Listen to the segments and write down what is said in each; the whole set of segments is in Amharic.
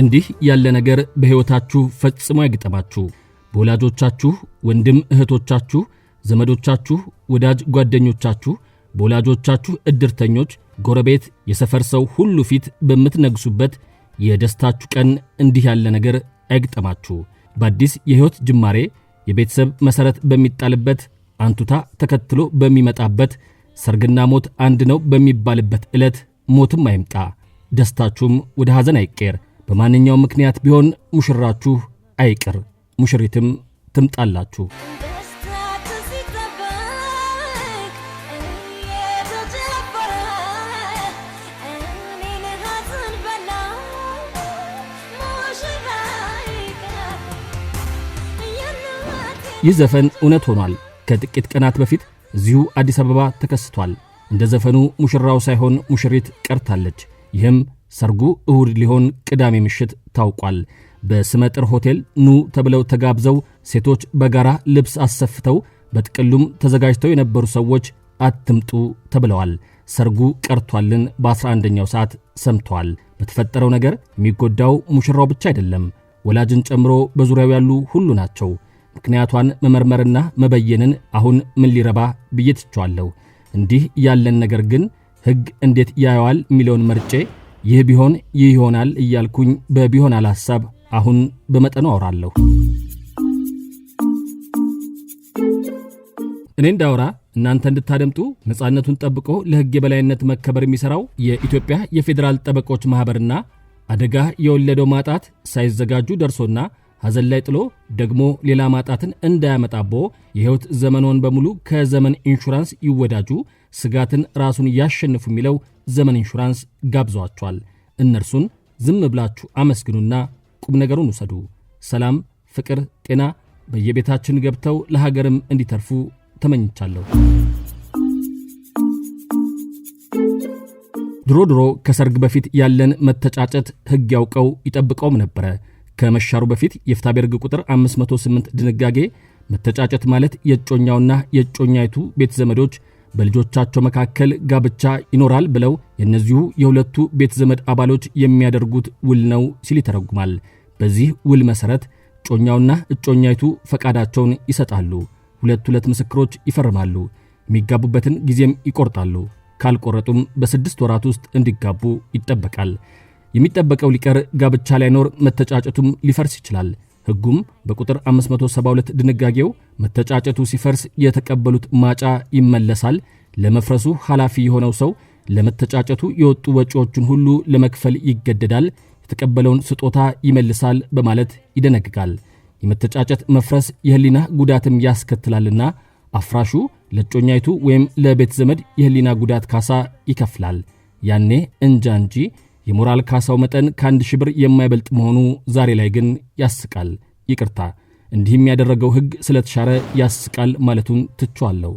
እንዲህ ያለ ነገር በሕይወታችሁ ፈጽሞ አይግጠማችሁ። በወላጆቻችሁ፣ ወንድም እህቶቻችሁ፣ ዘመዶቻችሁ፣ ወዳጅ ጓደኞቻችሁ፣ በወላጆቻችሁ ዕድርተኞች፣ ጎረቤት፣ የሰፈር ሰው ሁሉ ፊት በምትነግሱበት የደስታችሁ ቀን እንዲህ ያለ ነገር አይግጠማችሁ። በአዲስ የሕይወት ጅማሬ የቤተሰብ መሠረት በሚጣልበት አንቱታ ተከትሎ በሚመጣበት ሰርግና ሞት አንድ ነው በሚባልበት ዕለት ሞትም አይምጣ፣ ደስታችሁም ወደ ሐዘን አይቀየር። በማንኛውም ምክንያት ቢሆን ሙሽራችሁ አይቅር፣ ሙሽሪትም ትምጣላችሁ። ይህ ዘፈን እውነት ሆኗል። ከጥቂት ቀናት በፊት እዚሁ አዲስ አበባ ተከስቷል። እንደ ዘፈኑ ሙሽራው ሳይሆን ሙሽሪት ቀርታለች። ይህም ሰርጉ እሁድ ሊሆን ቅዳሜ ምሽት ታውቋል። በስመጥር ሆቴል ኑ ተብለው ተጋብዘው ሴቶች በጋራ ልብስ አሰፍተው በጥቅሉም ተዘጋጅተው የነበሩ ሰዎች አትምጡ ተብለዋል። ሰርጉ ቀርቷልን በ11ኛው ሰዓት ሰምተዋል። በተፈጠረው ነገር የሚጎዳው ሙሽራው ብቻ አይደለም፣ ወላጅን ጨምሮ በዙሪያው ያሉ ሁሉ ናቸው። ምክንያቷን መመርመርና መበየንን አሁን ምን ሊረባ ብዬ እንዲህ ያለን ነገር ግን ሕግ እንዴት ያየዋል የሚለውን መርጬ ይህ ቢሆን ይህ ይሆናል እያልኩኝ በቢሆናል ሐሳብ አሁን በመጠኑ አወራለሁ። እኔ እንዳወራ እናንተ እንድታደምጡ ነፃነቱን ጠብቆ ለሕግ የበላይነት መከበር የሚሠራው የኢትዮጵያ የፌዴራል ጠበቆች ማኅበርና አደጋ የወለደው ማጣት ሳይዘጋጁ ደርሶና ሐዘን ላይ ጥሎ ደግሞ ሌላ ማጣትን እንዳያመጣቦ የሕይወት ዘመኖን በሙሉ ከዘመን ኢንሹራንስ ይወዳጁ ስጋትን ራሱን ያሸንፉ የሚለው ዘመን ኢንሹራንስ ጋብዟቸዋል። እነርሱን ዝም ብላችሁ አመስግኑና ቁም ነገሩን ውሰዱ። ሰላም፣ ፍቅር፣ ጤና በየቤታችን ገብተው ለሀገርም እንዲተርፉ ተመኝቻለሁ። ድሮ ድሮ ከሰርግ በፊት ያለን መተጫጨት ሕግ ያውቀው ይጠብቀውም ነበረ። ከመሻሩ በፊት ቤርግ ቁጥር 508 ድንጋጌ መተጫጨት ማለት የእጮኛውና የእጮኛይቱ ቤት ዘመዶች በልጆቻቸው መካከል ጋብቻ ይኖራል ብለው የእነዚሁ የሁለቱ ቤተ ዘመድ አባሎች የሚያደርጉት ውል ነው ሲል ይተረጉማል። በዚህ ውል መሠረት እጮኛውና እጮኛይቱ ፈቃዳቸውን ይሰጣሉ። ሁለት ሁለት ምስክሮች ይፈርማሉ። የሚጋቡበትን ጊዜም ይቆርጣሉ። ካልቆረጡም በስድስት ወራት ውስጥ እንዲጋቡ ይጠበቃል። የሚጠበቀው ሊቀር ጋብቻ ላይኖር መተጫጨቱም ሊፈርስ ይችላል። ሕጉም በቁጥር 572 ድንጋጌው መተጫጨቱ ሲፈርስ የተቀበሉት ማጫ ይመለሳል፣ ለመፍረሱ ኃላፊ የሆነው ሰው ለመተጫጨቱ የወጡ ወጪዎችን ሁሉ ለመክፈል ይገደዳል፣ የተቀበለውን ስጦታ ይመልሳል በማለት ይደነግጋል። የመተጫጨት መፍረስ የህሊና ጉዳትም ያስከትላልና አፍራሹ ለጮኛይቱ ወይም ለቤት ዘመድ የህሊና ጉዳት ካሳ ይከፍላል። ያኔ እንጃ እንጂ የሞራል ካሳው መጠን ከአንድ ሺህ ብር የማይበልጥ መሆኑ ዛሬ ላይ ግን ያስቃል። ይቅርታ እንዲህም ያደረገው ሕግ ስለተሻረ ያስቃል ማለቱን ትቼዋለሁ።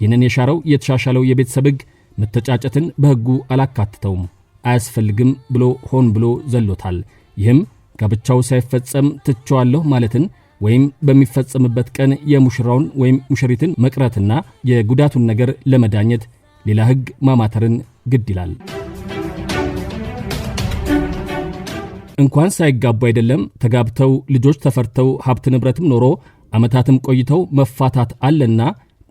ይህንን የሻረው የተሻሻለው የቤተሰብ ሕግ መተጫጨትን በሕጉ አላካትተውም፣ አያስፈልግም ብሎ ሆን ብሎ ዘሎታል። ይህም ጋብቻው ሳይፈጸም ትቼዋለሁ ማለትን ወይም በሚፈጸምበት ቀን የሙሽራውን ወይም ሙሽሪትን መቅረትና የጉዳቱን ነገር ለመዳኘት ሌላ ሕግ ማማተርን ግድ ይላል። እንኳን ሳይጋቡ አይደለም ተጋብተው ልጆች ተፈርተው ሀብት ንብረትም ኖሮ ዓመታትም ቆይተው መፋታት አለና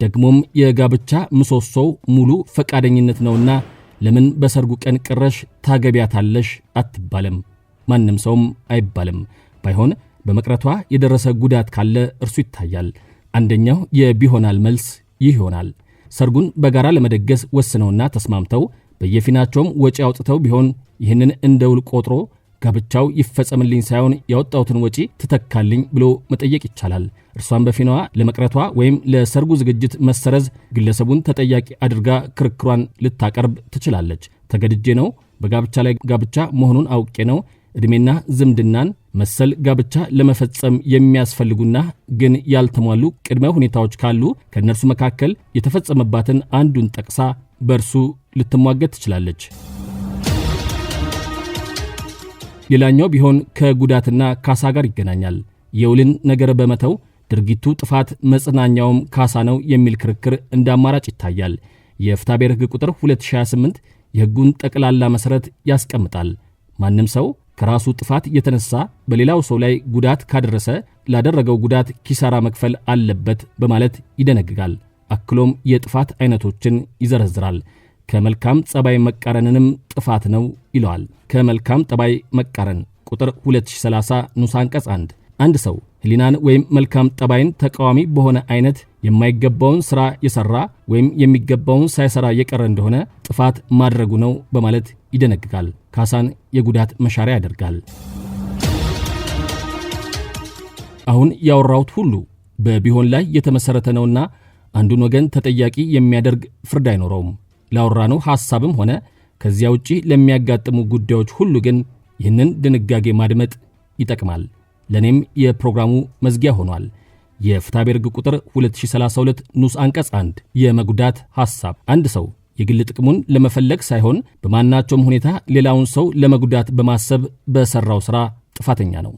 ደግሞም የጋብቻ ምሰሶው ሙሉ ፈቃደኝነት ነውና ለምን በሰርጉ ቀን ቅረሽ ታገቢያታለሽ አትባለም። ማንም ሰውም አይባልም። ባይሆን በመቅረቷ የደረሰ ጉዳት ካለ እርሱ ይታያል። አንደኛው የቢሆናል መልስ ይህ ይሆናል። ሰርጉን በጋራ ለመደገስ ወስነውና ተስማምተው በየፊናቸውም ወጪ አውጥተው ቢሆን ይህንን እንደ ውል ቆጥሮ ጋብቻው ይፈጸምልኝ ሳይሆን ያወጣሁትን ወጪ ትተካልኝ ብሎ መጠየቅ ይቻላል። እርሷን በፊናዋ ለመቅረቷ ወይም ለሰርጉ ዝግጅት መሰረዝ ግለሰቡን ተጠያቂ አድርጋ ክርክሯን ልታቀርብ ትችላለች። ተገድጄ ነው፣ በጋብቻ ላይ ጋብቻ መሆኑን አውቄ ነው፣ ዕድሜና ዝምድናን መሰል ጋብቻ ለመፈጸም የሚያስፈልጉና ግን ያልተሟሉ ቅድመ ሁኔታዎች ካሉ ከእነርሱ መካከል የተፈጸመባትን አንዱን ጠቅሳ በእርሱ ልትሟገት ትችላለች። ሌላኛው ቢሆን ከጉዳትና ካሳ ጋር ይገናኛል። የውልን ነገር በመተው ድርጊቱ ጥፋት መጽናኛውም ካሳ ነው የሚል ክርክር እንደ አማራጭ ይታያል። የፍታቤር ሕግ ቁጥር 2028 የሕጉን ጠቅላላ መሠረት ያስቀምጣል። ማንም ሰው ከራሱ ጥፋት የተነሳ በሌላው ሰው ላይ ጉዳት ካደረሰ ላደረገው ጉዳት ኪሳራ መክፈል አለበት በማለት ይደነግጋል። አክሎም የጥፋት አይነቶችን ይዘረዝራል። ከመልካም ጸባይ መቃረንንም ጥፋት ነው ይለዋል። ከመልካም ጠባይ መቃረን ቁጥር 2030 ንዑስ አንቀጽ 1 አንድ ሰው ሕሊናን ወይም መልካም ጠባይን ተቃዋሚ በሆነ አይነት የማይገባውን ሥራ የሠራ ወይም የሚገባውን ሳይሠራ የቀረ እንደሆነ ጥፋት ማድረጉ ነው በማለት ይደነግጋል። ካሳን የጉዳት መሻሪያ ያደርጋል። አሁን ያወራሁት ሁሉ በቢሆን ላይ የተመሠረተ ነውና አንዱን ወገን ተጠያቂ የሚያደርግ ፍርድ አይኖረውም። ላወራነው ሐሳብም ሆነ ከዚያ ውጪ ለሚያጋጥሙ ጉዳዮች ሁሉ ግን ይህንን ድንጋጌ ማድመጥ ይጠቅማል። ለእኔም የፕሮግራሙ መዝጊያ ሆኗል። የፍታቤርግ ቁጥር 2032 ንዑስ አንቀጽ 1 የመጉዳት ሐሳብ አንድ ሰው የግል ጥቅሙን ለመፈለግ ሳይሆን በማናቸውም ሁኔታ ሌላውን ሰው ለመጉዳት በማሰብ በሠራው ሥራ ጥፋተኛ ነው።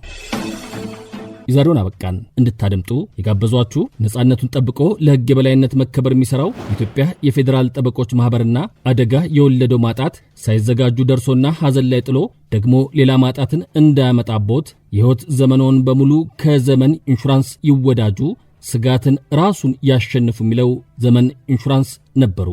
ይዘሩን አበቃን። እንድታደምጡ የጋበዟችሁ ነጻነቱን ጠብቆ ለሕግ የበላይነት መከበር የሚሰራው የኢትዮጵያ የፌዴራል ጠበቆች ማህበርና አደጋ የወለደው ማጣት ሳይዘጋጁ ደርሶና ሐዘን ላይ ጥሎ ደግሞ ሌላ ማጣትን እንዳያመጣቦት የሕይወት ዘመኖን በሙሉ ከዘመን ኢንሹራንስ ይወዳጁ። ስጋትን ራሱን ያሸንፉ የሚለው ዘመን ኢንሹራንስ ነበሩ።